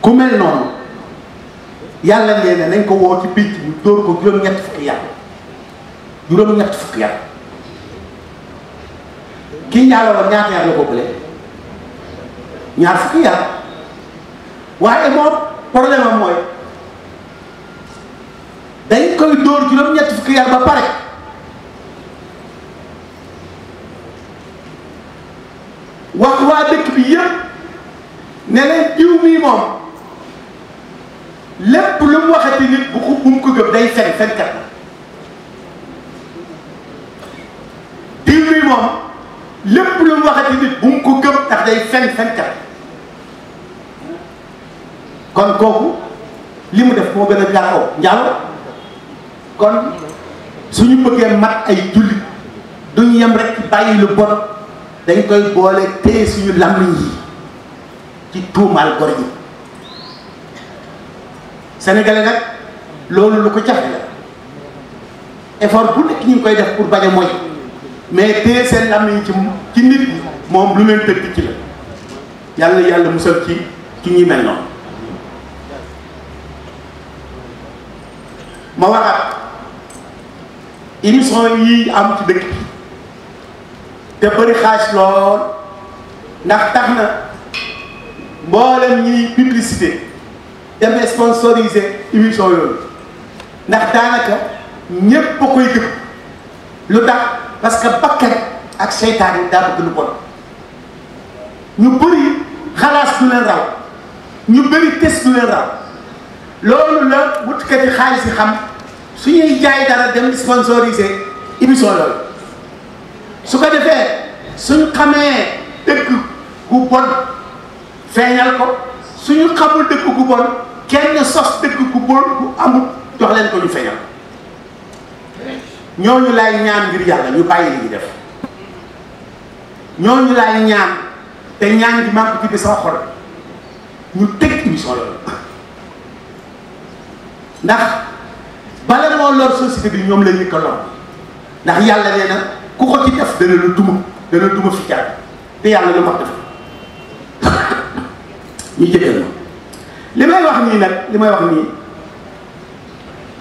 ku mel noonu yàlla lee ne nañ ko woo ci pénc bi dóor ko juróom-ñett fukki yar juróom-ñett fukki yar kii njaaloo ñaata yar la ko bële ñaar fukki yar waaye moom problème am mooy dañ koy dóor juróom-ñett fukki yar ba pare wax waa dëkk bi yëpp ne leen jiw moom lépp lu mu waxati nit bu ko bu mu ko gëm day fen fenkat la moom lépp lu mu waxati nit bu mu ko gëm ndax day fen fenkat kon kooku li mu def moo gën a njaaloo njaaloo kon suñu bëggee mat ay jullit duñ yem rek bàyyi lu bon dañ koy boole téye suñu làmmiñ yi ci tuumaal gor yi sénégalais nag loolu lu ko jafe la effort bu nekk ñu ngi koy def pour bañ a mooy mais téye seen lam yi ci ci nit moom lu leen tëkk ci la yàlla yàlla musal ci ci ñi mel noonu ma waxaat émission yi am ci dëkk bi te bëri xaaj lool ndax tax na mboolem ñuy publicité demee sponsorisé émission yooyu ndax daanaka ñépp a koy gëm lu tax parce que bakkan ak seytaan yi daa bëgg lu bon ñu bëri xalaas du leen raw ñu bëri test du leen raw loolu la wutkati xaalis yi xam su ñuy jaay dara dem sponsorisé émission loolu su ko defee suñ xamee dëkk gu bon feeñal ko suñu xamul dëkk gu bon kenn sos dëkk ku bon ku amul jox leen ko ñu feñal ñooñu laay ñaan ngir yàlla ñu bàyyi li ñu def ñooñu laay ñaan te ñaan gi maa ko tibbee sama xol ñu tëj émission loolu ndax bala moo lor société bi ñoom la ñu ko ndax yàlla nee na ku ko ci def dana la duma dana duma fi jaar te yàlla lu wax def ñu jëkkal ma li may wax nii nag li may wax nii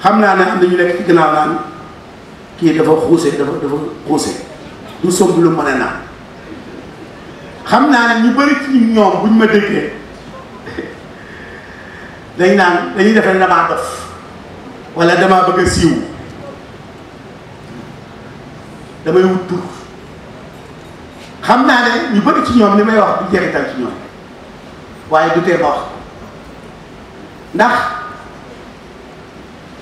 xam naa ne am nañu nekk ci gannaaw naan kii dafa xuuse dafa dafa xuuse du somb lu mën a naan xam naa ne ñu bëri ci ñoom buñ ma déggee dañ naan dañuy defe ne damaa dof wala damaa bëgg siiw damay wut tur xam naa ne ñu bëri ci ñoom li may wax du jeexital ci ñoom waaye du tee ndax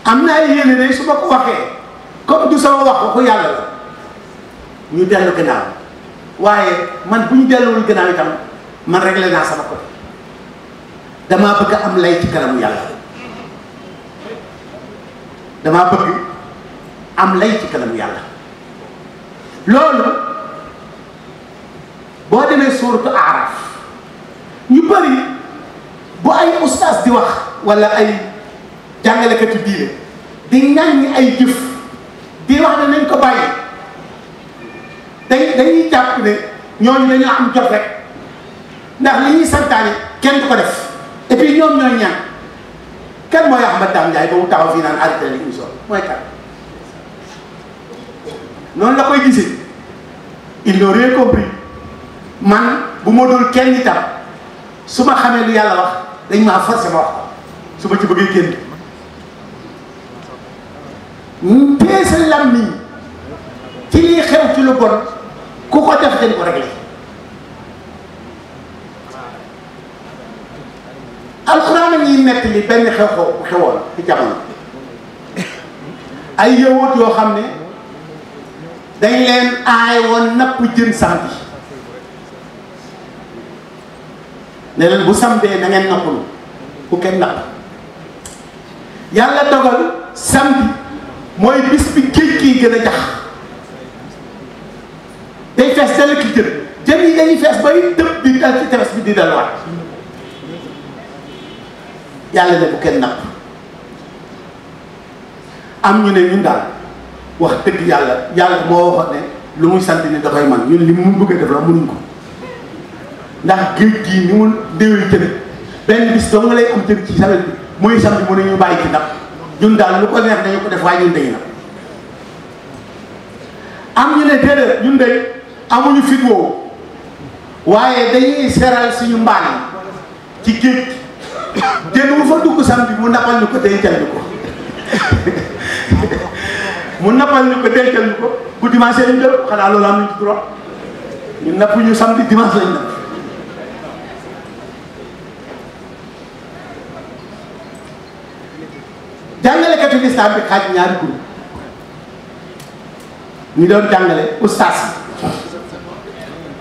am na ay yéene ne su ma ko waxee comme du sama wax waxu yàlla la ñu dellu gannaaw waaye man bu ñu delluwul gannaaw itam man réglé naa sama ko damaa bëgg am lay ci kanamu yàlla damaa bëgg am lay ci kanamu yàlla loolu boo demee suuratu Aaraf ñu bëri wala ay jàngalekat yu diine di ñàññ ay jëf di wax ne nañ ko bàyyi dañ dañuy jàpp ne ñooñu dañoo am jot rek ndax li ñuy santaane kenn du ko def et puis ñoom ñooy ñaan kan mooy Ahmad Dame Ndiaye ba mu taxaw fii naan arrêté li ñu sol mooy kan noonu la koy gisee il n'a rien man bu ma dul kenn itam su ma xamee lu yàlla wax dañ maa forcé ma wax su ma ci bëggee génn téye sa làmmiñ ci lii xew ci lu bon ku ko def dañ ko réglé alxuraan a ngi nekk li benn xew xew xewoon ci jamono ay yowut yoo xam ne dañ leen aay woon napp jën samedi ne leen bu samdee na ngeen nappalu bu kenn napp yàlla dogal samedi mooy bis bi kii gi gën a jax day fees dal ki jën jën yi dañuy fees bay dëpp bi dal ci tefes bi di dalwaat yàlla ne bu kenn napp am ñu ne ñun daal wax dëgg yàlla yàlla moo waxoon ne lu muy sant ni da koy man ñun li mu bëgg a def la mënuñ ko ndax géej gii ni mu déwéy jën benn bis doo nga lay am jën ci sawet bi muy samedi mu ne ñu bàyyi ci ndax ñun daal lu ko neex dañu ko def waaye ñun dañu na am ñu ne déedéet ñun de amuñu fit woowu waaye dañuy seral suñu mbaanam ci géej jën mu fa dugg samedi mu nappal ñu ko dencal ñu ko mu nappal ñu ko dencal ñu ko bu dimanche lañ jël xanaa loolu am nañ ci droit ñu napp ñu samedi jàngalekatu lislaam bi xaaj ñaari groupe ñu doon jàngale ustaas yi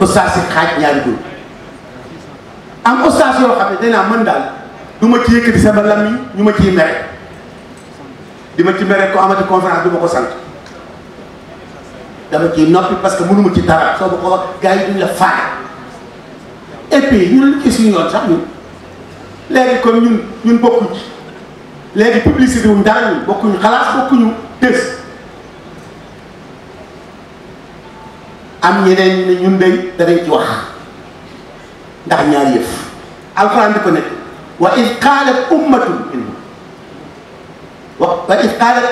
ustaas yi xaaj ñaari groupe am ustaas yoo xam ne danaa mën daal du ma ci yëkkati sama lam yi ñu ma ciy mere di ma ci mere ko amati conférence du ma ko sant dama ciy noppi parce que mënuma ci dara soo ma ko wax yi duñ la faale et puis ñun lu ci suñu yoon sax ñun léegi kon ñun ñun bokkuñ léegi publicité wuñ dara ñu bokkuñu xalaat bokkuñu tës am ñeneen ne ñun day danañ ci wax ndax ñaari yëf alxuraan di ko nekk wa id qaalat ummatun minhum wa id qaalat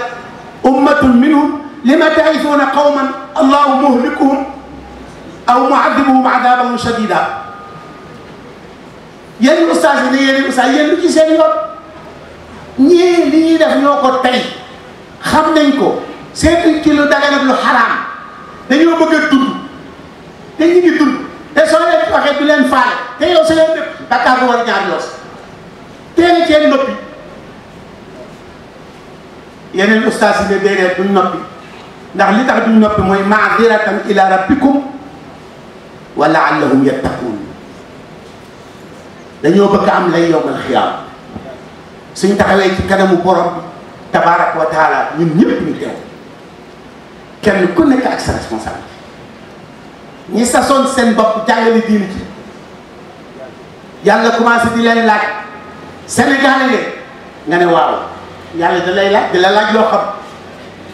ummatun minhum lima taisuuna qawman allahu muhlikuhum aw muadibuhum adaban shadida yéen ustaas yi ne yéen ustaas yéen lu ci seen yoon ñii li ñuy def ñoo ko tey xam nañ ko seetuñ ci lu dagan ak lu xaraam dañoo bëgg a dund te ñu ngi dund te soo leen waxee du te yow sa leen dëpp bakkaar war ñaar yoos teel ceen noppi yeneen ustaas yi ne déedéet duñ noppi ndax li tax duñ noppi mooy maadiratan ila rabbikum wa laallahum yattaquun dañoo bëgg am lay yowmal xiyaam suñ taxawee ci kanamu borom tabaaraka wa taala ñun ñëpp ñu teew kenn ku nekk ak sa responsabilité ñi sasoon seen bopp jàngale diine ci yàlla commencé di leen laaj Sénégal yi nga ne waaw yàlla da lay di la laaj loo xam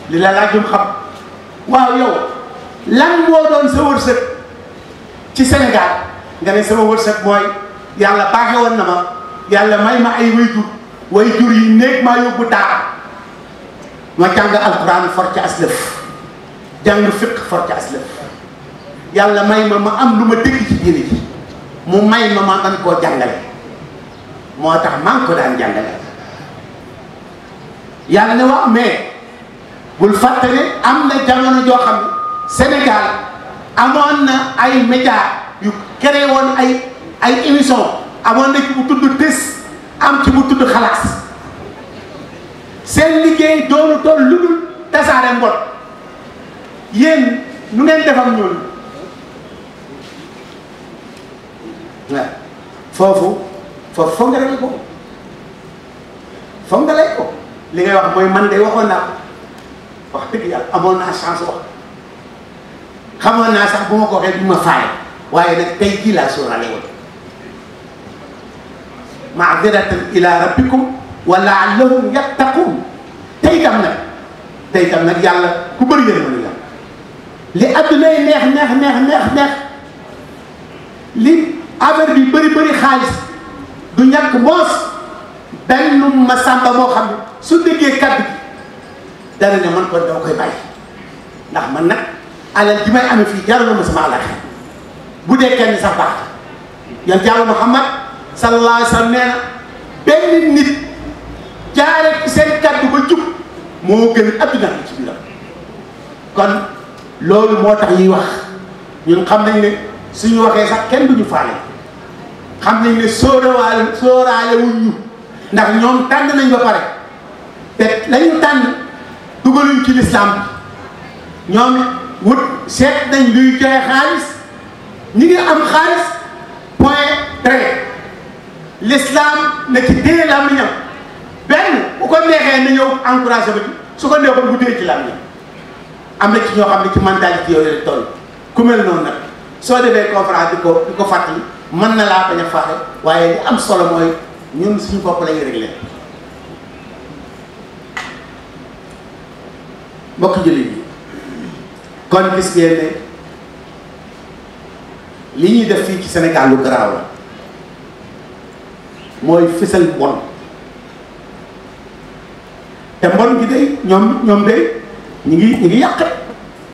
di la laaj lu xam waaw yow lan moo doon sa wërsëg ci senegal nga ne sama wërsëg mooy yàlla baaxe woon na ma yàlla may ma ay wéytu way jur yi néeg maa yóbbu daara ma jàng alquran for ci aslëf jàng fiq for ci aslëf yàlla may ma ma am lu ma dégg ci diine ji mu may ma ma man koo jàngale moo tax maa ngi ko daan jàngale yàlla ne wax mais bul fàtte am na jamono joo xam Sénégal amoon na ay média yu créé woon ay ay émission amoon na ci bu tudd TIS am ci mu tudd xalaas seen liggéey doonu tool lu tasaare mbon yéen nu ngeen defam ñoom waaw foofu foofu foog nga rek ko foog nga wax mooy man de waxoon naa ko wax dëgg yàlla amoon naa chance wax xamoon naa sax bu ma ko waxee du ma faay waaye nag tey jii laa sóoraale maadiratan ila rabbikum wa laallahum yattaqun tey tam nag tey tam nag yàlla ku bëri yërmande la li addunay neex neex neex neex neex li affaire bi bëri bëri xaalis du ñàkk moos benn ma sàmba moo xam ne su déggee kàddu gi dara ne man kon dama koy bàyyi ndax man nag alal ji may amee fii jaral na ma sama àllaxira bu dee kenn sax baax yan jàll Muhammad sallallahu alayhi wa sallam nee na benn nit jaare ci seen kàddu ba jub moo gën adduna ci biiram kon loolu moo tax ñuy wax ñun xam nañ ne suñu waxee sax kenn bu ñu faale xam nañ ne sóorawaale sóoraale ndax ñoom tànn nañ ba pare te lañu tànn dugaluñ ci lislaam bi ñoom wut seet nañ luy joxe xaalis ñi ngi am xaalis point très l'islam na ci téye làmmiñam benn bu ko neexee ni ñëw encouragé ba su ko neexoon bu téye ci làmmiñam na ci ñoo xam ne ci mentalité yooyu la toll ku mel noonu nag soo defee conférence di ko di ko fàttali mën na laa bañ a faaxe waaye li am solo mooy ñun suñu bopp la ñuy réglé mbokk jullit yi kon li ñuy def fii ci Sénégal lu garaaw mooy fisal mbon te mbon gi day ñoom ñoom day ñu ngi ñu ngi yàq